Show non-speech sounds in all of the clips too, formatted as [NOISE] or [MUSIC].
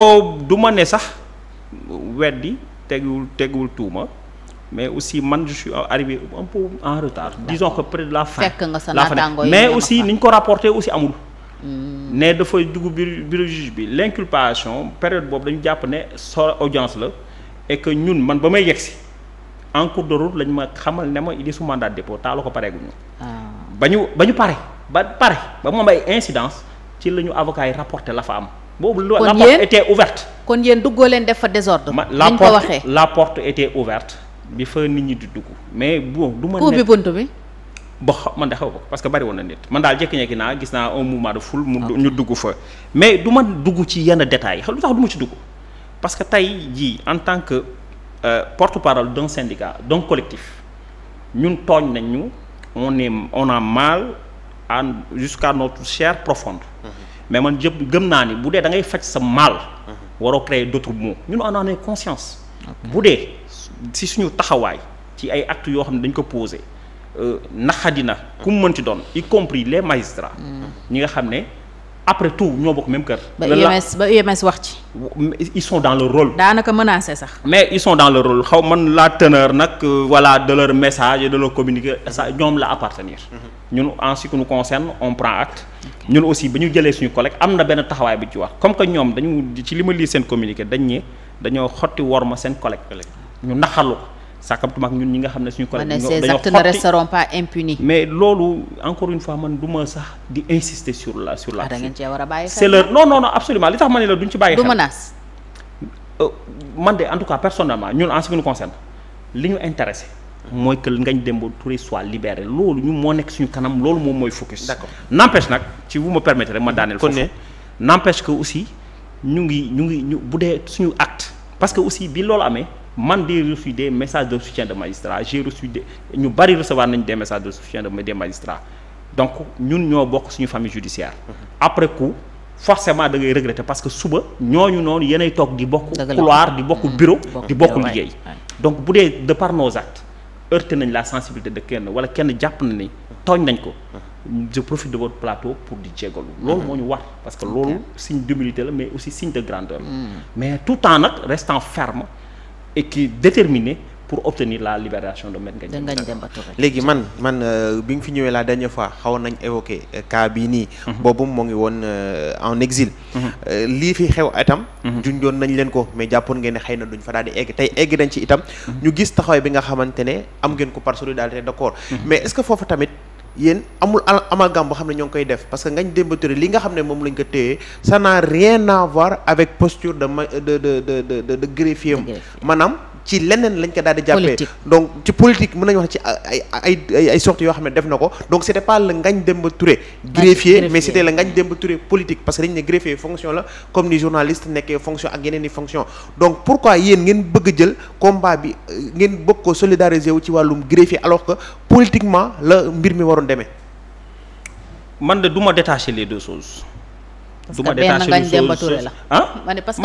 o du ma ne sax weddi teguwul teguwul tuuma mais aussi man je suis arrivé un peu en retard disons que près de la fin la mais aussi ni ko rapporté aussi amul hmm. ne dafa dugg biir biir juge bi l'inculpation période boobu dañu jàpp ne so audience la et que ñun man ba may yegsi en cours de route lañ ma xamal ne ma il est sous mandat de dépôt taalu ko pareeguñu ah. ba ñu ba ñu pare ba pare ba moom ay incidence ci la ñu avocats yi rapporté la fa am boobu la porte était ouverte kon yéen duggoo leen def fa désordre la ko waxee la porte était ouverte bi fa nit ñi di dugg mais bon du ma ubbi bunt bi ba man de xaw ko parce que bari woon na nit man daal jékki-jékki naa gis naa un mouvement de mu ah. ñu dugg fa mais du ma dugg ci yenn détails xam lu tax du ma ci dugg parce que tey jii en tant que euh, porte-parole d'un syndicat d'un collectif ñun tooñ nañu on on a mal en jusqu'à notre chair profonde mm-hmm. mais man jëpp gëm naa ni bu dee da ngay faj sa mal mhm. waroo créer d'autres mots ñun on en ne conscience bu dee si suñu taxawaay ci ay actes yoo xam ne dañ ko posé euh, naxadina ku mu mënti doon y compris les magistrats mhm. ñi nga xam ne après tout ñoo bokk même kër. ba UMS e ba UMS e wax ci. ils sont dans leur rôle. daanaka menacé sax. mais ils sont dans leur rôle xaw man la teneur nag euh, voilà de leur message et de leur communiqué ça ñoom la appartenir. Mhm. ñun en ce qui nous concerne on prend acte. ñun aussi ba ñu jëlee suñu collègue am na benn taxawaay bu ci wax comme que ñoom dañu ci li ma lii seen communiqué dañ ne dañoo xotti worma seen collègue. ñu naxarlu sàkkamtuma ak ñun ñi nga xam ne suñu collègue dañoo xotti ces actes ne resteront pas mais loolu encore une fois man du sax di insister sur la sur la. ah da ngeen cee war a bàyyi xel c'est leur non non non absolument li tax ma ne la duñ ci bàyyi xel euh, man de en tout cas personnellement ñun en ce qui nous concerne li ñu intéressé. mooy que Ngagne Demba Touré soit libéré loolu ñu moo nekk suñu kanam loolu moom mooy focus. d'accord n'empêche nag ci vous me permettez rek ma daaneel. foofu n'empêche que aussi ñu ngi ñu ngi ñu bu dee suñu acte. parce que aussi bi loolu amee. man di reçu des message de soutien de magistrat j'ai reçu des ñu bari recevoir nañ des messages de soutien de des magistrats donc ñun ñoo bokk suñu famille judiciaire mhm. après coup forcément da ngay regretter parce que suba ñooñu noonu yenay toog di bokk couloir di bokk mhm. bureau di bokk liggéey donc bu dee de par nos actes heurté nañ la sensibilité de kenn wala kenn jàpp na ni tooñ nañ ko mhm. je profite de votre plateau pour di jégalu loolu moo ñu war parce que loolu signe d'humilité la mais aussi signe de grandeur mais tout temps nag restant ferme et qui déterminé pour obtenir la libération de Maître Ngagne Demba Touré léegi man man euh, bi nga fi ñëwee la dernière fois xawoon nañ évoqué euh, cas bii nii mhm. boobu moo ngi woon euh, en exil mhm. lii fi xew itam mhm. junjoon nañ leen ko mais jàppoon ngeen ne na duñ fa daal di egg tey egg nañ ci itam ñu gis taxawaay bi nga xamante ne am ngeen ko par solidarité d'accord mais est foofu tamit yéen amul amalgame boo xam ne ñoo ngi koy def parce que Ngagne Demba li nga xam ne moom lañ ko téye ça n'a rien à voir avec posture de de de de de de greffier maanaam ci leneen lañ ko daal di jàppee donc ci politique mën nañ wax ne ci ay ay yoo xam ne def na ko donc c'était pas le Ngagne Demba Touré greffier mais c'était le dem ba Touré politique parce que dañ ne greffier fonction la comme ni journaliste nekkee fonction ak yeneen i fonction donc pourquoi yéen ngeen bëgg jël combat bi euh, ngeen bëgg ko solidariser wu ci wàllum greffier alors que politiquement la mbir mi waroon demee man de duma détacher les deux choses du ma détacher une chose ah man pour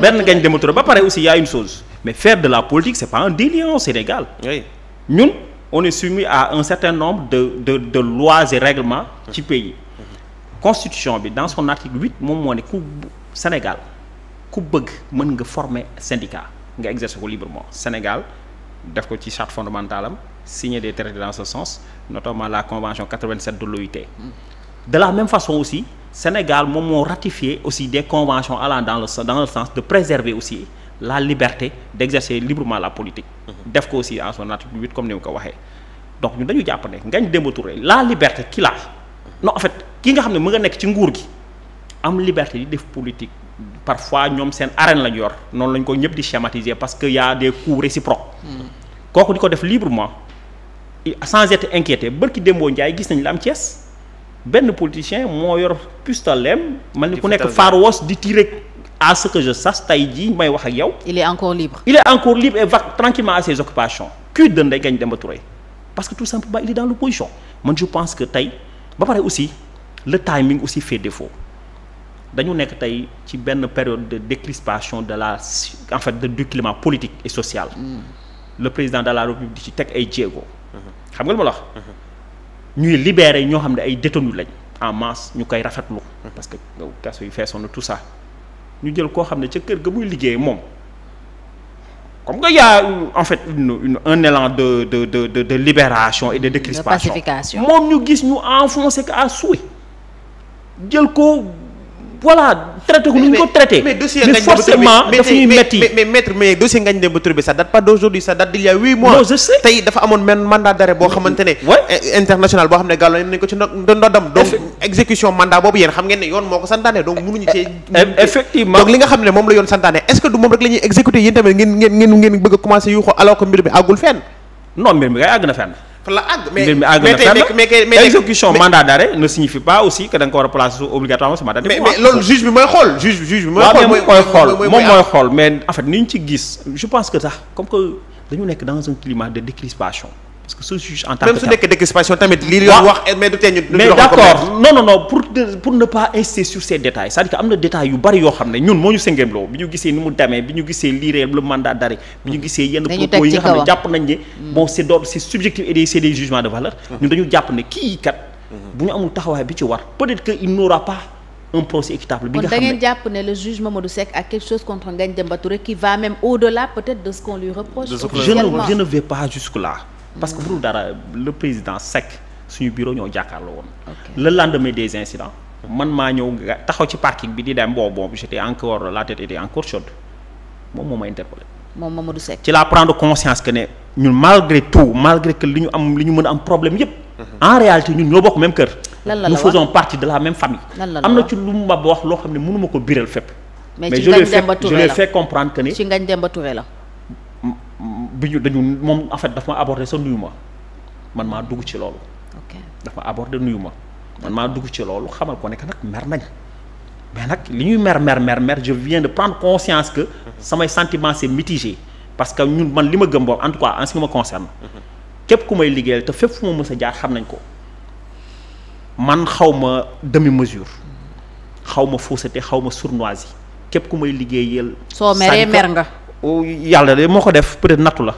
benn Ngagne Demba Touré ba pare aussi y a une chose mais faire de la politique c'est pas un délire au Sénégal ñun on est soumis à un certain nombre de de de lois et règlements ci pays constitution bi dans son article huit moom moo ne ku Sénégal ku bëgg mën nga former syndicat nga exercer ko librement Sénégal def ko ci charte fondamentale am signer de traités dans ce sens notamment la convention 87 de l'OIT de la même façon aussi Sénégal moom moo ratifié aussi des conventions allant dans le dans le sens de préserver aussi la liberté d'exercer librement la politique. Mhm. def ko aussi en son article 8 comme ni mu ko waxee. donc ñun dañu jàpp ne Ngagne Demba Touré la liberté ki non en fait ki nga xam ne mu nga nekk ci nguur gi am liberté di def politique parfois ñoom seen arène lañu yor noonu lañ ko ñëpp di schématiser parce que y a des coups réciproques. Mhm. kooku di ko def librement sans être inquiété bërki démboo Ndiaye gis nañ la am Thiès. benn politicien moo yor pistolem man ni ku nekk Far West di tirer à ce que je sache tey jii may wax ak yow. il est encore libre. il est encore libre et va tranquillement à ses occupations kuy dën day gañ Demba Touré parce que tout simplement il est dans l'opposition man je pense que tey ba pare aussi le timing aussi fait défaut dañu nekk tey ci benn période de décrispation de la en de du climat politique et sociale mm. le président de la République di ci teg ay jéego. Mm-hmm. xam nga lu ñuy libérer ñoo xam ne ay détenus lañ en masse ñu koy rafetlu. parce que kaso yu feesoon na tout ça ñu jël koo xam ne ca kër ga muy liggéey moom comme que y en fait une, une un élan de de de de libération et de décrispation. de pacification moom ñu gis ñu enfoncé que à souhait jël ko. voilà traité ko nu ñu ko traité. mais dossier Ngagne Demba Touré mais bi ça date pas d'aujourd'hui ça date d'il y a huit mois. non dafa amoon même mandat boo xamante ne. Eh, boo xam ne gàllankoor nañu yoon moo ko santaane donc mënuñu eh, eh, cee. effectivement donc li nga xam ne moom la yoon santaane est-ce que du moom rek la ñuy exécuter tamit ngeen ngeen bëgg a commencer yu ko mbir mi àggul fenn. fa la àgg. mais mais tey mais exécution mandat d'arrêt ne signifie pas aussi que da ko war a placer obligatoirement ce mandat. mais mais loolu juge bi mooy xool juge juge bi. mooy xool moom mooy xool mais en fait ni ñu ci gis je pense que sax comme que dañu nekk dans un climat de décrispation parce que soo juge en tant que même su nekkee décrispation tamit. li yoon wax mais du tee ñu. mais d'accord non non non pour pour ne pas insister sur ces détails c'est-à-dire que am na détails yu bari yoo xam ne ñun moo ñu sëngeemloo bi ñu gisee ni mu demee bi ñu gisee lii réel le mandat d'arrêt bi ñu gisee yenn propos yi nga xam ne jàpp nañ ne mm. bon c'est d'ordre c'est subjectif et c'est des jugements de valeur mm-hmm. ñun dañu jàpp ne kii kat mm-hmm. bu ñu amul taxawaay bi ci war peut-être que il n'aura pas un procès équitable bi nga xam ne kon da ngeen jàpp ne le juge Mamadou Seck a quelque chose contre Ngagne Demba Touré qui va même au-delà peut-être de ce qu'on lui reproche je ne je ne vais pas jusque-là parce que bu dul dara le président sec suñu bureau ñoo jàkkaarloo woon. le lendemain des incidents. man maa ñëw taxaw ci parking bi di dem boobu boobu j'étais encore la tête était encore chaude moom moo ma interpellé. moom Mamadou Seck. ci laa prendre conscience que ne ñun malgré tout malgré que li ñu am li ñu mën a am problème yépp mhm. en réalité ñun ñoo bokk même kër. lan la la nous partie de la même famille. am na ci lu ma wax loo xam ne mënu ma ko biral fépp. mais je lui ai fait comprendre la. bi ñu dañu moom en fait daf ma abordé sa nuyu man maa dugg ci loolu. dafa daf ma abordé nuyu ma man maa dugg ci loolu xamal ko ne que nag mer nañ mais nag li ñuy mer mer mer mer je viens de prendre conscience que. samay sentiment c'est mitigé parce que ñun man li ma gëm boobu en tout cas en ce qui képp ku may liggéeyal te fépp fu ma mës jaar xam nañ ko man xaw ma demi mesure xaw fausseté xaw ma sournoiserie képp ku may liggéeyal. soo meree mer nga. yàlla de moo ko def peut-être nattu la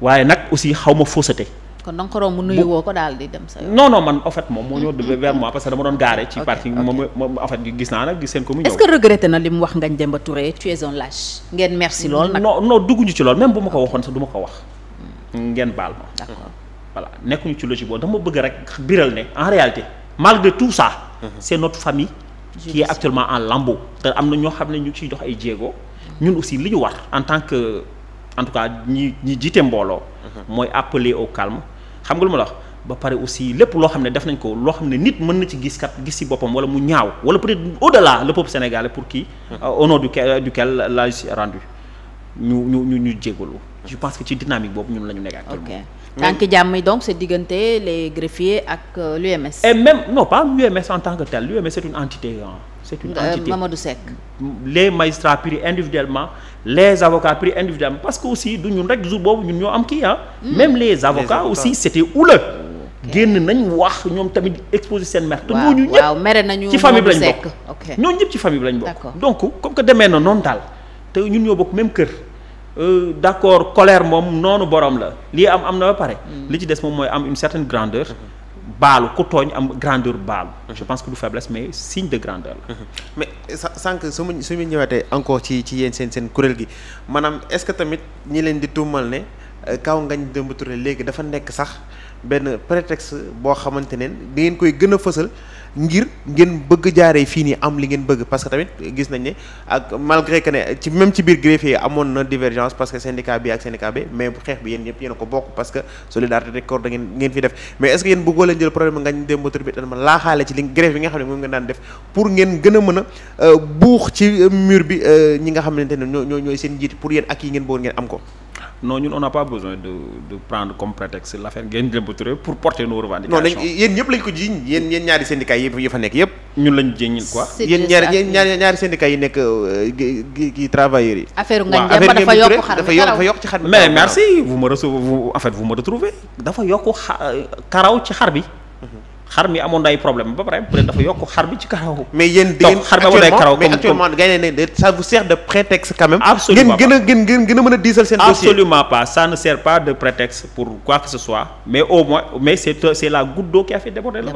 waaye nag aussi xaw ma fausseté kon da nga ko romb nuyu woo ko daal di dem sa non man en moom moo ñëw mm. de vers moi parce que dama doon gaare ci parking moom en fait gis naa nag gis seen ko mu ngeen merci lool nag non non dugguñu ci lool même bu ma ko waxoon sax du ma ko wax mm. ngeen baal ma d'accord voilà nekkuñu ci logique boobu dama bëgg rek biral ne en réalité malgré tout ça mm-hmm. c'est notre famille qui est actuellement en lambo te am na ñoo xam ne ñu ciy dox ay jéego ñun aussi li ñu war en tant que en tout cas ñi ñi jiite mbooloo. Mhm. mooy appeler au calme xam nga lu ma la wax. ba pare aussi lépp loo xam ne def nañ ko loo xam ne nit mën na ci gis kat gis ci boppam wala mu ñaaw wala peut-être au-delà le peuple sénégalais pour qui mhm. euh, au nom duquel euh, duquel la rendu ñu ñu ñu ñu jégalu je pense que ci dynamique boobu ñun la ñu nekk actuellement tànki jàmm yi donc c'est diggante les greffiers ak euh, l'UMS et même non pas l'UMS en tant que tel l'UMS c'est une entité hein. c'est une euh, entité Mamadou Seck les magistrats pris individuellement les avocats pris individuellement parce que aussi du ñun rek jour boobu ñun ñoo am kii ah même les avocats aussi c'était houleux génn nañ wax ñoom tamit exposé seen mer te ñooñu ñëpp ci famille bi lañ bokk ñooñu ñëpp ci famille bi lañ bokk donc comme que demee na noonu daal te ñun ñoo bokk même kër Euh, d'accord colère moom noonu borom la lii am am na ba pare. Hmm. li ci des moom mooy am une certaine grandeur. baalu ku tooñ am grandeur baalu. Hmm. je pense que du faiblesse mais signe de grandeur la. Hmm. mais sànq su ma su ma ñëwaatee encore ci ci yéen seen seen kuréel gi maanaam est-ce que tamit ñi leen di tuumal ne euh, kaw ngañ Demba Touré léegi dafa nekk sax benn prétexte boo xamante ne di ngeen koy gën a fësal. ngir ngeen bëgg jaaree fii nii am li ngeen bëgg parce que tamit gis nañ ne ak malgré que ne ci même ci biir greffier amoon na divergence parce que syndicat bi ak syndicat bi mais xeex bi yéen ko bokk parce que solidarité rek koor da ngeen ngeen fi def mais est ce leen jël problème ngañ démb tur bi ma laaxaale ci li grève bi nga xam ne moom ngeen daan def pour ngeen gën a mën a euh, buux ci mur bi euh, ñi nga xamante ne ñoo ñoo ñooy seen njiit pour yéen ak yi ngeen bëggoon ngeen am ko noonu ñun on n'a pas besoin de de prendre comme prétexte l'affaire Ngagne Demba Touré pour porter nos revendications. non dañ yéen ñëpp lañ ko jiiñ yéen yéen ñaari syndicats yëpp yi fa nekk yëpp. ñun lañ jéññil quoi. yéen ñaari yéen ñaari ñaari syndicats yi nekk euh, yi. affaire Ngagne dafa yokk xar mais merci vous me recevez vous en fait vous me dafa yokk xa euh, karaw ci xar bi. xar mi amoon na ay problème ba pare peut-être dafa yokk xar bi ci karaw. mais yéen di ngeen actuellement mais actuellement ngeen ne ça vous sert de prétexte gën a ngeen gën a mën a diisal seen dossier. absolument pas ça ne sert pas de prétexte pour quoi que ce soit mais au moins mais c' est c' la goutte d'eau qui a fait déborder le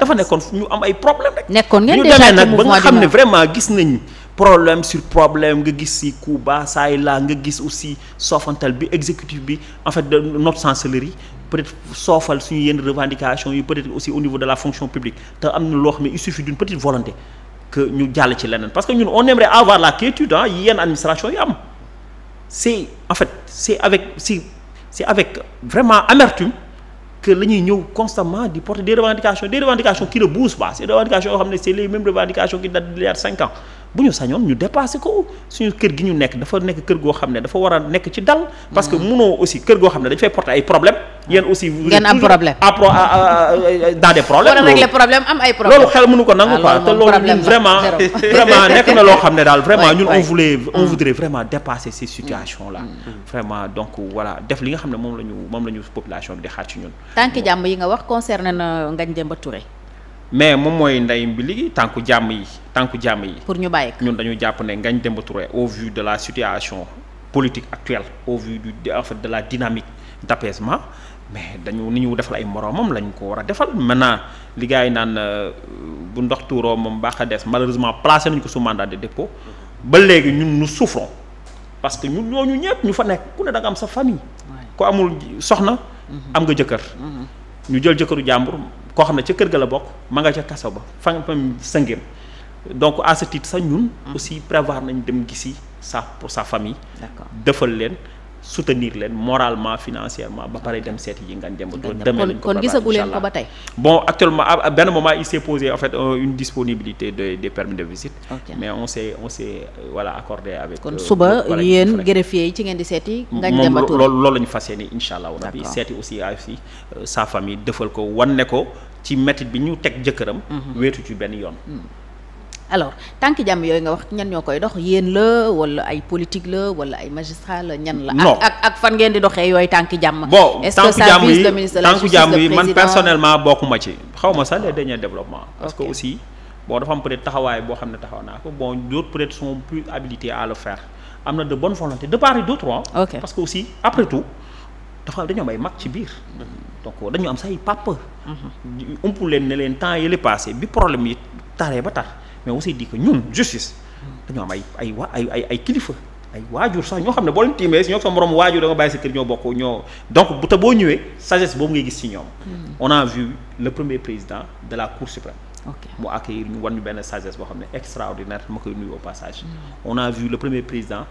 dafa nekkoon ñu am ay problème rek. nekkoon ngeen déjà ci mouvement du nag ba nga xam ne vraiment gis nañu. problème sur problème nga gis si coup bas saa yi laa nga gis aussi soofantal bi exécutif bi en fait de notre chancellerie peut-être soofal suñu yenn revendication yi peut-être aussi au niveau de la fonction publique te am na loo xam ne il suffit d'une petite volonté que ñu jàll ci leneen parce que ñun on aimerait avoir la quiétude ah yenn administration yi am c'est en fait c'est avec si c'est avec vraiment amertume que la ñuy ñëw constamment di porter des revendications bu ñu sañoon ñu dépassé ko suñu kër gi ñu nekk dafa nekk kër goo xam ne dafa war a nekk ci dal parce que mm. munoo aussi kër goo xam ne dañ fay porter ay problème mm. yéen aussi ngeen am problème apro dans des problèmes war ay problème loolu xel mënu ko nangu ah, quoi te loolu vraiment [LAUGHS] [LAUGHS] vraiment nekk na loo xam ne daal vraiment ñun on voulait on mm. voudrait vraiment dépasser ces situations là vraiment donc voilà def li nga xam ne moom la ñu moom la ñu population di xaar ci ñun tànk jàmm yi nga wax concerné na Ngagne Demba Touré mais moom mooy ndey bi ligi tànku jàmm yi tànku jàmm yi. pour ñu bàyyi ñun dañu jàpp ne ngañ Demba Touré au vu de la situation politique actuelle au vu du en fait de la dynamique d'apaisement mais dañu ni ñu defal ay moroomam lañ ko war a defal mën li gars yi naan euh, bu ndox tuuroo moom mbaax a des malheureusement placé nañ ko sous mandat de dépôt ba léegi ñun nous souffrons parce que ñun ñooñu ñëpp ñu fa nekk ku ne da am sa famille. ku amul soxna. Mhm. am nga jëkkër. Mhm. jël jëkkëru jàmbur. koo xam ne ca kër ga la bokk ma nga ca kaso ba fa nga sëngéem donc à ce sax ñun mm. aussi prévoir nañ dem gisi sa pour sa famille defal leen soutenir leen moralement financièrement ba pare dem seeti yi nga dem demee kon gisagu ba tey bon actuellement à benn moment il s'est posé en fait euh, une disponibilité de permis de visite mais on s'est on s'est euh, voilà accordé avec kon euh, suba yéen greffier yi ci ngeen di seeti nga dem moom loolu loolu la ñu fas yéene incha allah rabbi seeti aussi aussi sa famille defal ko wan ne ko ci métit bi ñu teg jëkkëram mhm. wéetu ci benn yoon hmm. alors tànk jàmm yooyu nga wax ñan ñoo koy dox yéen la wala ay politique la wala ay magistrat la ñan la ak ak fan ngeen di doxee yooyu tànk jàmm bon est-ce que ça vise jàmm yi man personnellement bokkuma ci xaw ma sax les derniers développements parce que aussi bon dafa am peut taxawaay boo xam ne taxaw naa ko bon d'autres peut-être sont plus habilités à le faire am na de bonne volonté de part et d'autre parce que aussi après tout dafa dañoo may mag ci biir donc dañu am say papa. umpul leen ne temps yële passé bi problème yi taree ba tar mais aussi di que ñun justice dañu am ay ay wa ay ay ay kilifa ay waajur sax ñoo xam ne boo leen tiimee si ñoo sa moroom waajur da nga bàyyi sa kër ñoo bokk ñoo donc bu te boo ñëwee sagesse boobu ngay gis ci ñoom. Hmm. on a vu premier président de la cour suprême. ok mu accueillir ñu wan ñu benn sagesse boo xam ne extraordinaire ma koy nuyu au passage. Hmm. on a vu le premier président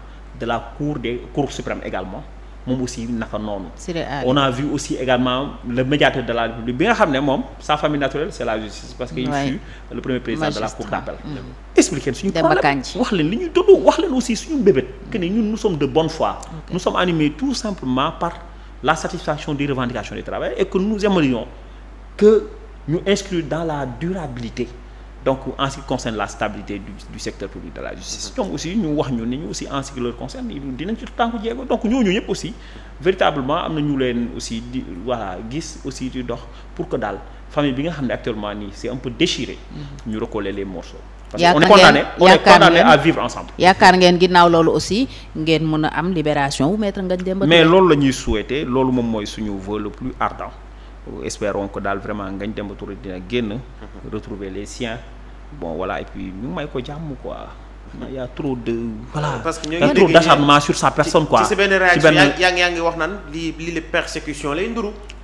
moom aussi naka noonu. on a vu aussi également le médiateur de la République bi nga xam ne moom sa famille naturelle c' est la justice. parce que il fut le premier président de la cour d' appel. Mm. expliquer suñu problème wax leen li ñuy dund wax leen aussi suñu bébét. que ne ñun nous sommes de bonne foi. nous sommes animés tout simplement par la satisfaction des revendications des travailleurs et que nous aimerions que ñu inscrire dans la durabilité. donc en ce qui concerne la stabilité du, secteur public de la justice ñoom mm-hmm. aussi ñu wax ñu ni ñu aussi en ce qui leur concerne dinañ ci tànku jéego donc ñooñu ñëpp aussi véritablement am na ñu leen aussi di voilà gis aussi di dox pour que daal famille bi nga xam ne actuellement nii c'est un peu déchiré mm-hmm. ñu recoller les morceaux parce que on est condamné on est condamné à vivre ensemble yaakaar ngeen ginnaaw loolu aussi ngeen mën a am libération wu maître Ngagne Demba la ñuy souhaité loolu moom mooy suñu vœu le plus ardent espérons que daal vraiment Ngagne Demba Touré bon voilà et puis may ko jàmm quoi. il y trop de. voilà parce que y a trop d'acharnement sur sa personne quoi. ci benn réaction yaa ngi yaa ngi wax naan lii lii la persécution lay nduru.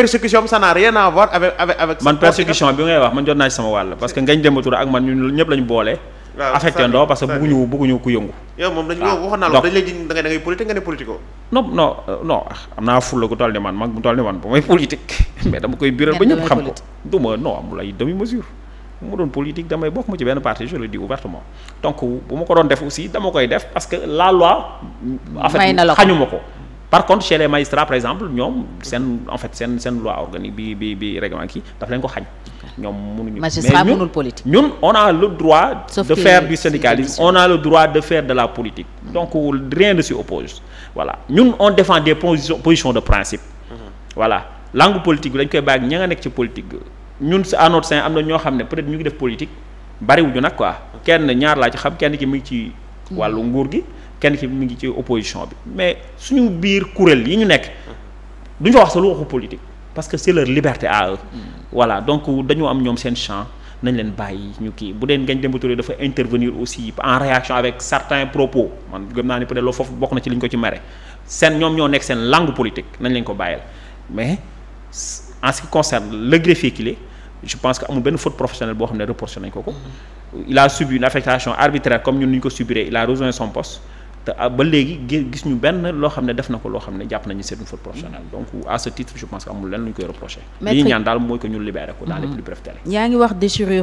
persécution ça n'a rien man persécution bi ngay wax man jot naa ci sama wàll. parce que ngañ Demba ak man ñun lañu boole. waaw affecté parce que bëgguñu ku yëngu. yow moom dañu am naa fulla gu toll ni man mag bu toll ni man bu may politique [LAUGHS] mais dama koy biral ba ñëpp xam ko du ma non amul ay demi mesure. mu doon politique damay bokk ma ci benn parti je le dis ouvertement donc bu ma ko doon def aussi dama koy def parce que la loi. may na ko. par contre chez les magistrats par exemple ñoom seen en fait seen seen loi organique bi bi bi règlement kii daf leen ko xañ ñoom mënuñu magistrat mënul politique ñun on a le droit Sauf de faire du syndicalisme on a le droit de faire de la politique mm. donc rien ne s'y oppose voilà ñun on défend des positions de principe mm-hmm. voilà langue politique bi dañ koy bàyyi ña nga nekk ci politique ñun à notre sein am na ñoo xam ne peut-être ñu ngi def politique bariwuñu nag quoi kenn ñaar laa ci xam kenn ki mu ngi ci mm. wàllu nguur gi kenn ki mu ngi ci opposition bi mais suñu biir kuréel yi ñu nekk du fa wax sa lu waxu politique parce que c'est leur liberté à eux mm. voilà donc dañoo am ñoom seen chant nañ leen bàyyi ñu kii bu deen Ngagne Demba Touré dafa intervenir aussi en réaction avec certains propos man gëm naa ni peut-être foofu bokk na ci li ko ci mere seen ñoom ñoo nekk seen langue politique nañ leen ko bàyyil mais en ce qui concerne le greffier je pense que amul benn faute professionnelle ne reproché nañ ko ko mm. il a subi une affectation arbitraire comme ñun ni ñu te ah, ba léegi gis ñu benn loo xam ne def na ko loo xam ne jàpp nañu c'est une faute professionnelle mm. donc à ce titre je pense que amul lenn lu ñu koy reprocher li ñaan daal mooy que ñu libéré ko dans les mm-hmm. plus brefs yaa ngi wax déchirure